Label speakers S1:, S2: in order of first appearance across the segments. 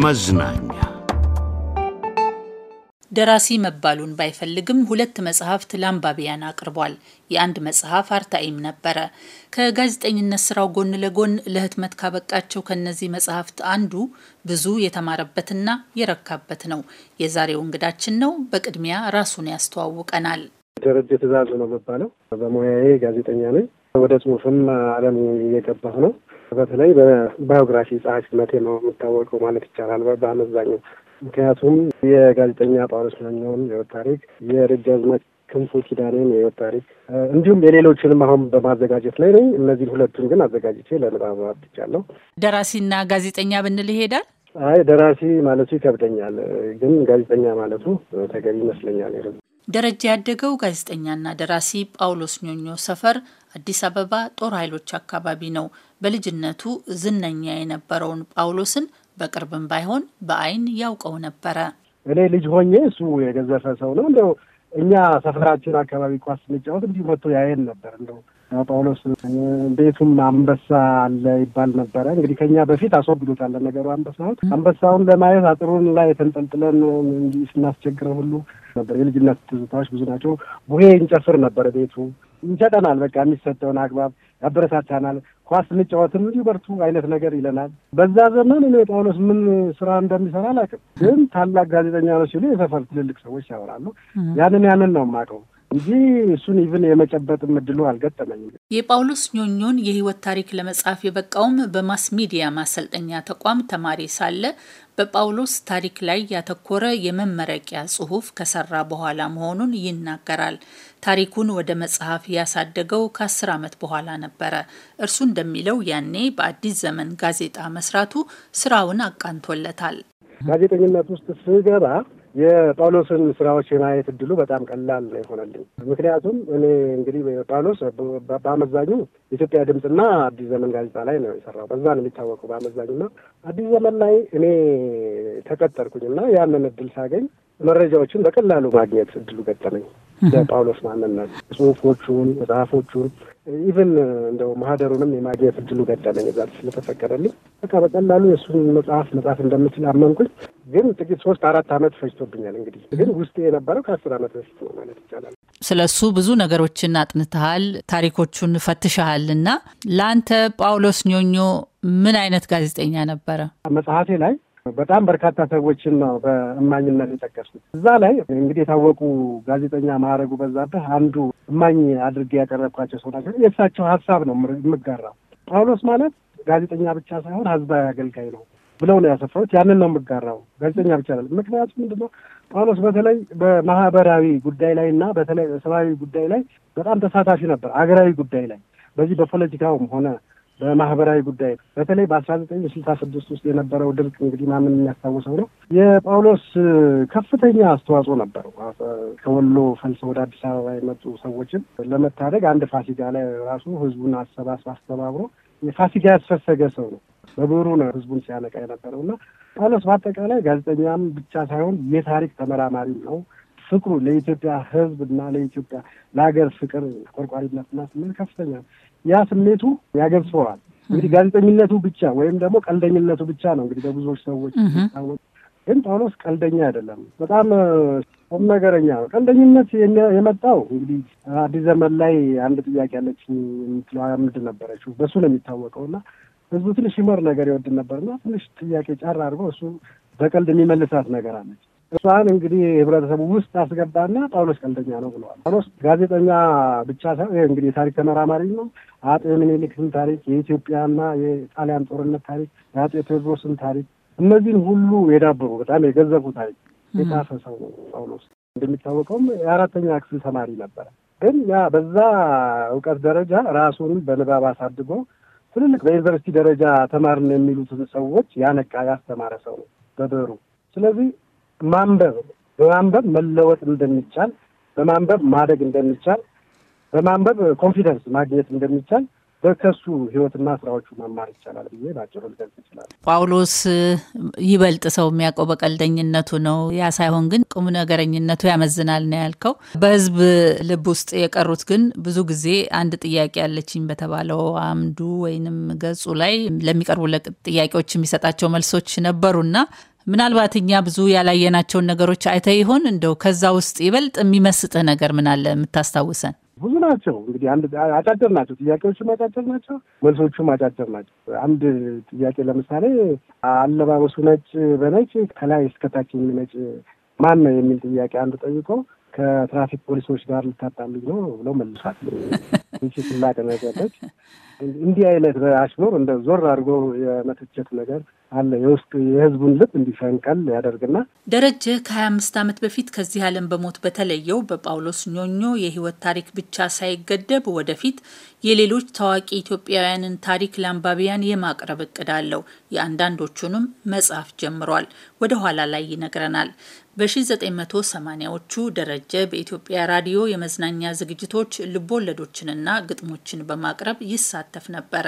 S1: መዝናኛ
S2: ደራሲ መባሉን ባይፈልግም ሁለት መጽሐፍት ለአንባቢያን አቅርቧል። የአንድ መጽሐፍ አርታኢም ነበረ። ከጋዜጠኝነት ስራው ጎን ለጎን ለህትመት ካበቃቸው ከእነዚህ መጽሐፍት አንዱ ብዙ የተማረበትና የረካበት ነው። የዛሬው እንግዳችን ነው። በቅድሚያ ራሱን ያስተዋውቀናል።
S1: ደረጀ ትእዛዙ ነው የምባለው። በሙያዬ ጋዜጠኛ ነኝ። ወደ ጽሁፍም አለም እየገባሁ ነው። በተለይ በባዮግራፊ መቴ ነው የምታወቀው ማለት ይቻላል በአመዛኙ። ምክንያቱም የጋዜጠኛ ጳውሎስ ነኛውን የወት ታሪክ፣ የደጃዝማች ክንፉ ኪዳኔን የህይወት ታሪክ እንዲሁም የሌሎችንም አሁን በማዘጋጀት ላይ ነኝ። እነዚህን ሁለቱን ግን አዘጋጅቼ ለንባብ አብቅቻለሁ።
S2: ደራሲና ጋዜጠኛ ብንል ይሄዳል?
S1: አይ ደራሲ ማለቱ ይከብደኛል፣ ግን ጋዜጠኛ ማለቱ ተገቢ ይመስለኛል።
S2: ደረጃ ያደገው ጋዜጠኛና ደራሲ ጳውሎስ ኞኞ ሰፈር አዲስ አበባ ጦር ኃይሎች አካባቢ ነው። በልጅነቱ ዝነኛ የነበረውን ጳውሎስን በቅርብም ባይሆን በአይን ያውቀው ነበረ።
S1: እኔ ልጅ ሆኜ እሱ የገዘፈ ሰው ነው። እንደው እኛ ሰፈራችን አካባቢ ኳስ ስንጫወት እንዲህ መጥቶ ያየን ነበር። እንደው ጳውሎስ ቤቱም አንበሳ አለ ይባል ነበረ። እንግዲህ ከኛ በፊት አስወግዶታል ነገሩ አንበሳውን አንበሳውን ለማየት አጥሩን ላይ ተንጠልጥለን እንጂ ስናስቸግረ ሁሉ ነበር። የልጅነት ትዝታዎች ብዙ ናቸው። ቡሄ እንጨፍር ነበረ ቤቱ ይሰጠናል። በቃ የሚሰጠውን አግባብ ያበረታታናል። ኳስ ስንጫወትም እንዲሁ በርቱ አይነት ነገር ይለናል። በዛ ዘመን እኔ ጳውሎስ ምን ስራ እንደሚሰራ አላውቅም፣ ግን ታላቅ ጋዜጠኛ ነው ሲሉ የሰፈር ትልልቅ ሰዎች ያወራሉ። ያንን ያንን ነው የማውቀው እንጂ እሱን ይብን የመጨበጥ ምድሉ አልገጠመኝም።
S2: የጳውሎስ ኞኞን የህይወት ታሪክ ለመጻፍ የበቃውም በማስ ሚዲያ ማሰልጠኛ ተቋም ተማሪ ሳለ በጳውሎስ ታሪክ ላይ ያተኮረ የመመረቂያ ጽሑፍ ከሰራ በኋላ መሆኑን ይናገራል። ታሪኩን ወደ መጽሐፍ ያሳደገው ከአስር ዓመት በኋላ ነበረ። እርሱ እንደሚለው ያኔ በአዲስ ዘመን ጋዜጣ መስራቱ ስራውን አቃንቶለታል።
S1: ጋዜጠኝነት ውስጥ ስገባ የጳውሎስን ስራዎች የማየት እድሉ በጣም ቀላል ነው የሆነልኝ። ምክንያቱም እኔ እንግዲህ ጳውሎስ በአመዛኙ ኢትዮጵያ ድምፅና አዲስ ዘመን ጋዜጣ ላይ ነው የሰራው። በዛ ነው የሚታወቀው በአመዛኙና አዲስ ዘመን ላይ እኔ ተቀጠርኩኝና ያንን እድል ሳገኝ መረጃዎችን በቀላሉ ማግኘት እድሉ ገጠመኝ። ለጳውሎስ ማንነት ጽሁፎቹን፣ መጽሐፎቹን ኢቨን uh, እንደው ማህደሩንም የማግኘት እድሉ ገጠመኝ እዛ ስለተፈቀደልኝ በቃ በቀላሉ የእሱን መጽሐፍ መጽሐፍ እንደምችል አመንኩኝ። ግን ጥቂት ሶስት አራት አመት ፈጅቶብኛል። እንግዲህ ግን ውስጤ የነበረው ከአስር አመት በፊት ነው ማለት ይቻላል።
S2: ስለ እሱ ብዙ ነገሮችን አጥንተሃል፣ ታሪኮቹን ፈትሸሃል እና ለአንተ ጳውሎስ ኞኞ ምን አይነት ጋዜጠኛ ነበረ?
S1: መጽሐፌ ላይ በጣም በርካታ ሰዎችን ነው በእማኝነት የጠቀሱት። እዛ ላይ እንግዲህ የታወቁ ጋዜጠኛ ማዕረጉ በዛብህ አንዱ እማኝ አድርጌ ያቀረብኳቸው ሰው ናቸው። የእሳቸው ሀሳብ ነው የምጋራው። ጳውሎስ ማለት ጋዜጠኛ ብቻ ሳይሆን ሕዝባዊ አገልጋይ ነው ብለው ነው ያሰፈሩት። ያንን ነው የምጋራው። ጋዜጠኛ ብቻ አይደለም። ምክንያቱም ምንድን ነው ጳውሎስ በተለይ በማህበራዊ ጉዳይ ላይ እና በተለይ በሰብአዊ ጉዳይ ላይ በጣም ተሳታፊ ነበር። አገራዊ ጉዳይ ላይ በዚህ በፖለቲካውም ሆነ በማህበራዊ ጉዳይ በተለይ በአስራ ዘጠኝ ስልሳ ስድስት ውስጥ የነበረው ድርቅ እንግዲህ ማምን የሚያስታውሰው ነው። የጳውሎስ ከፍተኛ አስተዋጽኦ ነበረው። ከወሎ ፈልሰው ወደ አዲስ አበባ የመጡ ሰዎችን ለመታደግ አንድ ፋሲካ ላይ ራሱ ህዝቡን አሰባስብ አስተባብሮ የፋሲካ ያስፈሰገ ሰው ነው። በብሩ ነው ህዝቡን ሲያነቃ የነበረው እና ጳውሎስ በአጠቃላይ ጋዜጠኛም ብቻ ሳይሆን የታሪክ ተመራማሪም ነው። ፍቅሩ ለኢትዮጵያ ሕዝብ እና ለኢትዮጵያ ለሀገር ፍቅር ቆርቋሪነትና ስሜት ከፍተኛ ነው። ያ ስሜቱ ያገብሰዋል። እንግዲህ ጋዜጠኝነቱ ብቻ ወይም ደግሞ ቀልደኝነቱ ብቻ ነው እንግዲህ በብዙዎች ሰዎች ታወቅ። ግን ጳውሎስ ቀልደኛ አይደለም፣ በጣም ቁም ነገረኛ ነው። ቀልደኝነት የመጣው እንግዲህ አዲስ ዘመን ላይ አንድ ጥያቄ ያለች የምትለው ምንድን ነበረችው? በእሱ ነው የሚታወቀው እና ህዝቡ ትንሽ ይመር ነገር ነበር ነበርና ትንሽ ጥያቄ ጫራ አድርገው እሱ በቀልድ የሚመልሳት ነገር አለች። እሷን እንግዲህ ህብረተሰቡ ውስጥ አስገባና ጳውሎስ ቀልደኛ ነው ብለዋል። ጳውሎስ ጋዜጠኛ ብቻ ሳይሆን እንግዲህ የታሪክ ተመራማሪ ነው። አጤ ምኒልክን ታሪክ፣ የኢትዮጵያና የጣሊያን ጦርነት ታሪክ፣ የአጤ ቴዎድሮስን ታሪክ፣ እነዚህን ሁሉ የዳበሩ በጣም የገዘፉ ታሪክ የጻፈ ሰው ነው ጳውሎስ። እንደሚታወቀውም የአራተኛ ክፍል ተማሪ ነበረ። ግን ያ በዛ እውቀት ደረጃ ራሱን በንባብ አሳድጎ ትልልቅ በዩኒቨርሲቲ ደረጃ ተማርን የሚሉትን ሰዎች ያነቃ ያስተማረ ሰው ነው በበሩ ስለዚህ ማንበብ በማንበብ መለወጥ እንደሚቻል፣ በማንበብ ማደግ እንደሚቻል፣ በማንበብ ኮንፊደንስ ማግኘት እንደሚቻል በከሱ ህይወትና ስራዎቹ መማር ይቻላል ብዬ ባጭሩ
S2: ልገልጽ ይችላል። ጳውሎስ ይበልጥ ሰው የሚያውቀው በቀልደኝነቱ ነው። ያ ሳይሆን ግን ቁም ነገረኝነቱ ያመዝናል ነው ያልከው። በህዝብ ልብ ውስጥ የቀሩት ግን ብዙ ጊዜ አንድ ጥያቄ ያለችኝ በተባለው አምዱ ወይንም ገጹ ላይ ለሚቀርቡ ጥያቄዎች የሚሰጣቸው መልሶች ነበሩና ምናልባት እኛ ብዙ ያላየናቸውን ነገሮች አይተ ይሆን እንደው ከዛ ውስጥ ይበልጥ የሚመስጥህ ነገር ምን አለ የምታስታውሰን?
S1: ብዙ ናቸው እንግዲህ አንድ አጫጭር ናቸው ጥያቄዎቹም አጫጭር ናቸው፣ መልሶቹም አጫጭር ናቸው። አንድ ጥያቄ ለምሳሌ አለባበሱ ነጭ በነጭ ከላይ እስከታች የሚነጭ ማን ነው የሚል ጥያቄ አንዱ ጠይቆ ከትራፊክ ፖሊሶች ጋር ልታጣሉኝ ነው ብለው መልሷል። ትንሽ ስላቅ እንዲህ አይነት አሽሙር እንደ ዞር አድርጎ የመተቸት ነገር አለ። የውስጥ የህዝቡን ልብ እንዲፈንቀል ያደርግና
S2: ደረጀ ከሀያ አምስት ዓመት በፊት ከዚህ ዓለም በሞት በተለየው በጳውሎስ ኞኞ የህይወት ታሪክ ብቻ ሳይገደብ ወደፊት የሌሎች ታዋቂ ኢትዮጵያውያንን ታሪክ ለአንባቢያን የማቅረብ እቅድ አለው። የአንዳንዶቹንም መጽሐፍ ጀምሯል። ወደ ኋላ ላይ ይነግረናል። በ1980ዎቹ ደረጀ በኢትዮጵያ ራዲዮ የመዝናኛ ዝግጅቶች ልቦወለዶችንና ግጥሞችን በማቅረብ ይሳተፍ ነበረ።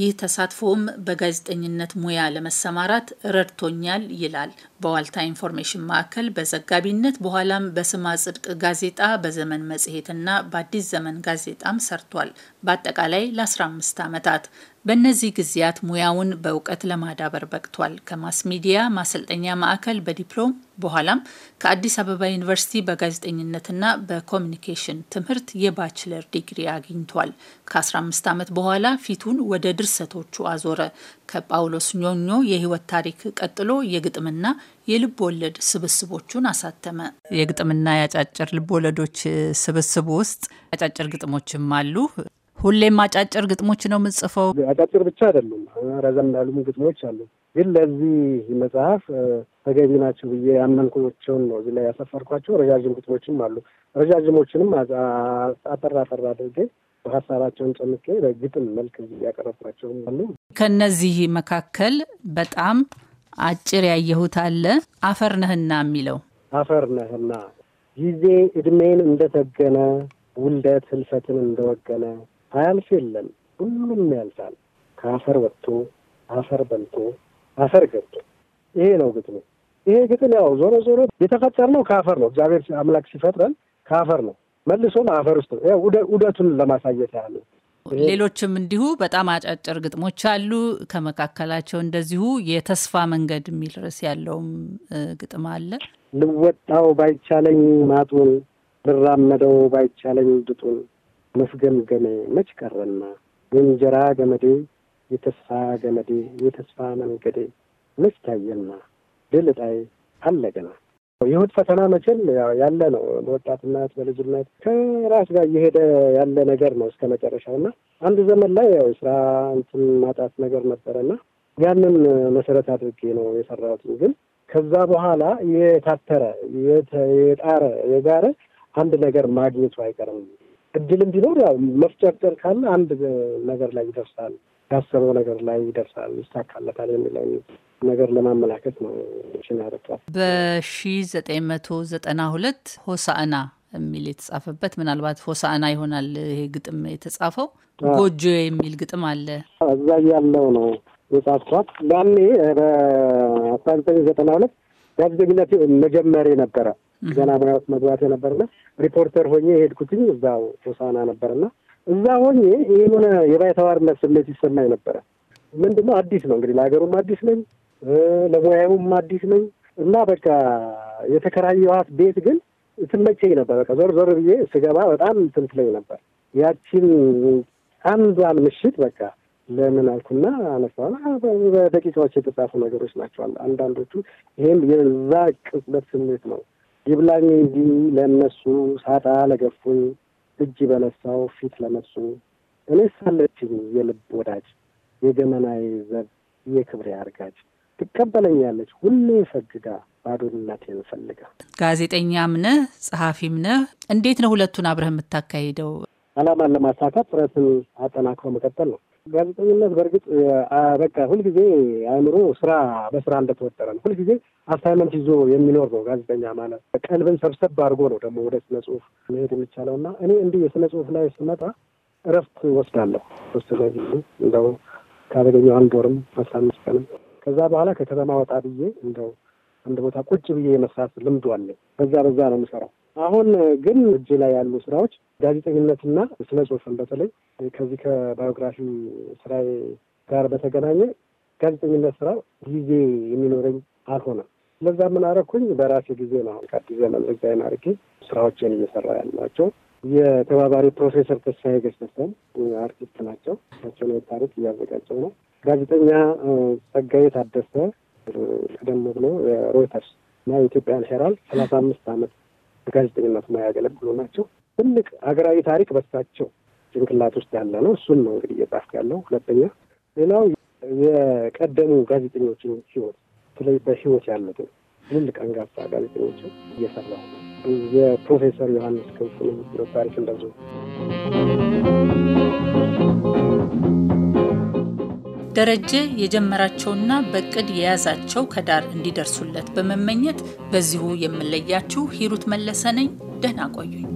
S2: ይህ ተሳትፎም በጋዜጠኝነት ሙያ ለመሰማራት ረድቶኛል ይላል። በዋልታ ኢንፎርሜሽን ማዕከል በዘጋቢነት በኋላም በስማ ጽድቅ ጋዜጣ በዘመን መጽሔትና በአዲስ ዘመን ጋዜጣም ሰርቷል። በአጠቃላይ ለ15 ዓመታት በእነዚህ ጊዜያት ሙያውን በእውቀት ለማዳበር በቅቷል። ከማስ ሚዲያ ማሰልጠኛ ማዕከል በዲፕሎም በኋላም ከአዲስ አበባ ዩኒቨርሲቲ በጋዜጠኝነትና በኮሚኒኬሽን ትምህርት የባችለር ዲግሪ አግኝቷል። ከ15 ዓመት በኋላ ፊቱን ወደ ድርሰቶቹ አዞረ። ከጳውሎስ ኞኞ የህይወት ታሪክ ቀጥሎ የግጥምና የልብ ወለድ ስብስቦቹን አሳተመ። የግጥምና የአጫጭር ልብ ወለዶች ስብስብ ውስጥ አጫጭር ግጥሞችም አሉ። ሁሌም አጫጭር ግጥሞች ነው የምጽፈው። አጫጭር ብቻ አይደሉም፣ ረዘም ያሉም ግጥሞች
S1: አሉ። ግን ለዚህ መጽሐፍ ተገቢ ናቸው ብዬ ያመንኩቸውን ነው እዚህ ላይ ያሰፈርኳቸው። ረዣዥም ግጥሞችም አሉ። ረዣዥሞችንም አጠር አጠር አድርጌ በሀሳባቸውን ጨምቄ በግጥም መልክ ያቀረብኳቸውም አሉ።
S2: ከእነዚህ መካከል በጣም አጭር ያየሁት አለ። አፈር ነህና የሚለው
S1: አፈር ነህና ጊዜ እድሜን እንደተገነ ውልደት ህልፈትን እንደወገነ ሳያልፍ የለም ሁሉም ያልፋል። ከአፈር ወጥቶ አፈር በልቶ አፈር ገብቶ። ይሄ ነው ግጥሙ። ይሄ ግጥም ያው ዞሮ ዞሮ የተፈጠርነው ከአፈር ነው። እግዚአብሔር አምላክ ሲፈጥረን ከአፈር ነው፣ መልሶም አፈር ውስጥ ነው። ውደቱን ለማሳየት ያህል
S2: ሌሎችም እንዲሁ በጣም አጫጭር ግጥሞች አሉ። ከመካከላቸው እንደዚሁ የተስፋ መንገድ የሚል ርዕስ ያለውም ግጥም አለ።
S1: ልወጣው ባይቻለኝ ማጡን ልራመደው ባይቻለኝ ድጡን መስገምገሜ መች ቀረና የእንጀራ ገመዴ የተስፋ ገመዴ የተስፋ መንገዴ መች ታየና አለገና የሁድ ፈተና መቼም ያለ ነው። በወጣትነት በልጅነት ከራስ ጋር እየሄደ ያለ ነገር ነው እስከ መጨረሻው እና አንድ ዘመን ላይ ያው ስራ እንትን ማጣት ነገር ነበረና ያንን መሰረት አድርጌ ነው የሰራት ግን ከዛ በኋላ የታተረ የጣረ የጋረ አንድ ነገር ማግኘቱ አይቀርም እድልም ቢኖር ያው መፍጨርጨር ካለ አንድ ነገር ላይ ይደርሳል፣ ያሰበው ነገር ላይ ይደርሳል፣ ይሳካለታል የሚለው ነገር ለማመላከት ነው። ሽን ያደርጋል።
S2: በሺ ዘጠኝ መቶ ዘጠና ሁለት ሆሳዕና የሚል የተጻፈበት ምናልባት ሆሳዕና ይሆናል ይሄ ግጥም የተጻፈው ጎጆ የሚል ግጥም አለ።
S1: እዛ ያለው ነው የጻፍኳት ያኔ በአስራ ዘጠኝ ዘጠና ሁለት ጋዜጠኝነት መጀመሪያ ነበረ። ገና ምናልባት መግባት ነበርና ሪፖርተር ሆኜ የሄድኩትኝ እዛው ሆሳና ነበርና እዛ ሆኜ የሆነ የባይተዋርነት ስሜት ይሰማኝ ነበረ። ነው አዲስ ነው እንግዲህ ለሀገሩም አዲስ ነኝ፣ ለሙያውም አዲስ ነኝ እና በቃ የተከራየኋት ቤት ግን ትመቸኝ ነበር። በቃ ዞር ዞር ብዬ ስገባ በጣም ትንትለኝ ነበር። ያቺን አንዷን ምሽት በቃ ለምን አልኩና አነሳዋል። በደቂቃዎች የተጻፉ ነገሮች ናቸዋል አንዳንዶቹ። ይህም የዛ ቅጽበት ስሜት ነው ይብላኝ እንጂ ለእነሱ ሳጣ ለገፉኝ እጅ በለሳው ፊት ለነሱ እኔ ሳለችኝ የልብ ወዳጅ የገመናዬ ዘብ የክብሬ አርጋጅ ትቀበለኛለች ሁሌ ሰግዳ ባዶነት ፈልጋ።
S2: ጋዜጠኛም ነህ ጸሐፊም ነህ። እንዴት ነው ሁለቱን አብረህ የምታካሂደው? አላማን
S1: ለማሳካት ጥረትን አጠናክሮ መቀጠል ነው። ጋዜጠኝነት በእርግጥ በቃ ሁልጊዜ አእምሮ ስራ በስራ እንደተወጠረ ነው። ሁልጊዜ አሳይመንት ይዞ የሚኖር ነው ጋዜጠኛ ማለት። ቀልብን ሰብሰብ አድርጎ ነው ደግሞ ወደ ስነ ጽሁፍ መሄድ የሚቻለው እና እኔ እንዲህ የስነ ጽሁፍ ላይ ስመጣ እረፍት ወስዳለሁ። ወስነ እንደው ካገኘሁ አንድ ወርም አስራ አምስት ቀንም ከዛ በኋላ ከከተማ ወጣ ብዬ እንደው አንድ ቦታ ቁጭ ብዬ የመስራት ልምዱ አለኝ። በዛ በዛ ነው የምሰራው። አሁን ግን እጅ ላይ ያሉ ስራዎች ጋዜጠኝነትና ስነ ጽሁፍን በተለይ ከዚህ ከባዮግራፊ ስራ ጋር በተገናኘ ጋዜጠኝነት ስራ ጊዜ የሚኖረኝ አልሆነም። ስለዛ ምን አረኩኝ? በራሴ ጊዜ ነው አሁን ከአዲስ ዘመን ርግዛይን አርጌ ስራዎችን እየሰራ ያላቸው የተባባሪ ፕሮፌሰር ተስፋዬ ገሰሰን አርቲስት ናቸው። እሳቸው ታሪክ እያዘጋጀው ነው። ጋዜጠኛ ጸጋዬ ታደሰ ቀደም ብሎ ሮይተርስ እና የኢትዮጵያን ሄራልድ ሰላሳ አምስት አመት በጋዜጠኝነት ማያገለግሉ ናቸው። ትልቅ ሀገራዊ ታሪክ በሳቸው ጭንቅላት ውስጥ ያለ ነው። እሱን ነው እንግዲህ እየጻፍክ ያለው። ሁለተኛ ሌላው የቀደሙ ጋዜጠኞችን ህይወት፣ ስለ በህይወት ያሉትን ትልልቅ አንጋፋ ጋዜጠኞችን እየሰራ የፕሮፌሰር ዮሐንስ ክንፉን ህይወት ታሪክ እንደዙ
S2: ደረጀ የጀመራቸውና በቅድ የያዛቸው ከዳር እንዲደርሱለት በመመኘት በዚሁ የምለያችሁ ሂሩት መለሰ ነኝ። ደህና ቆዩኝ።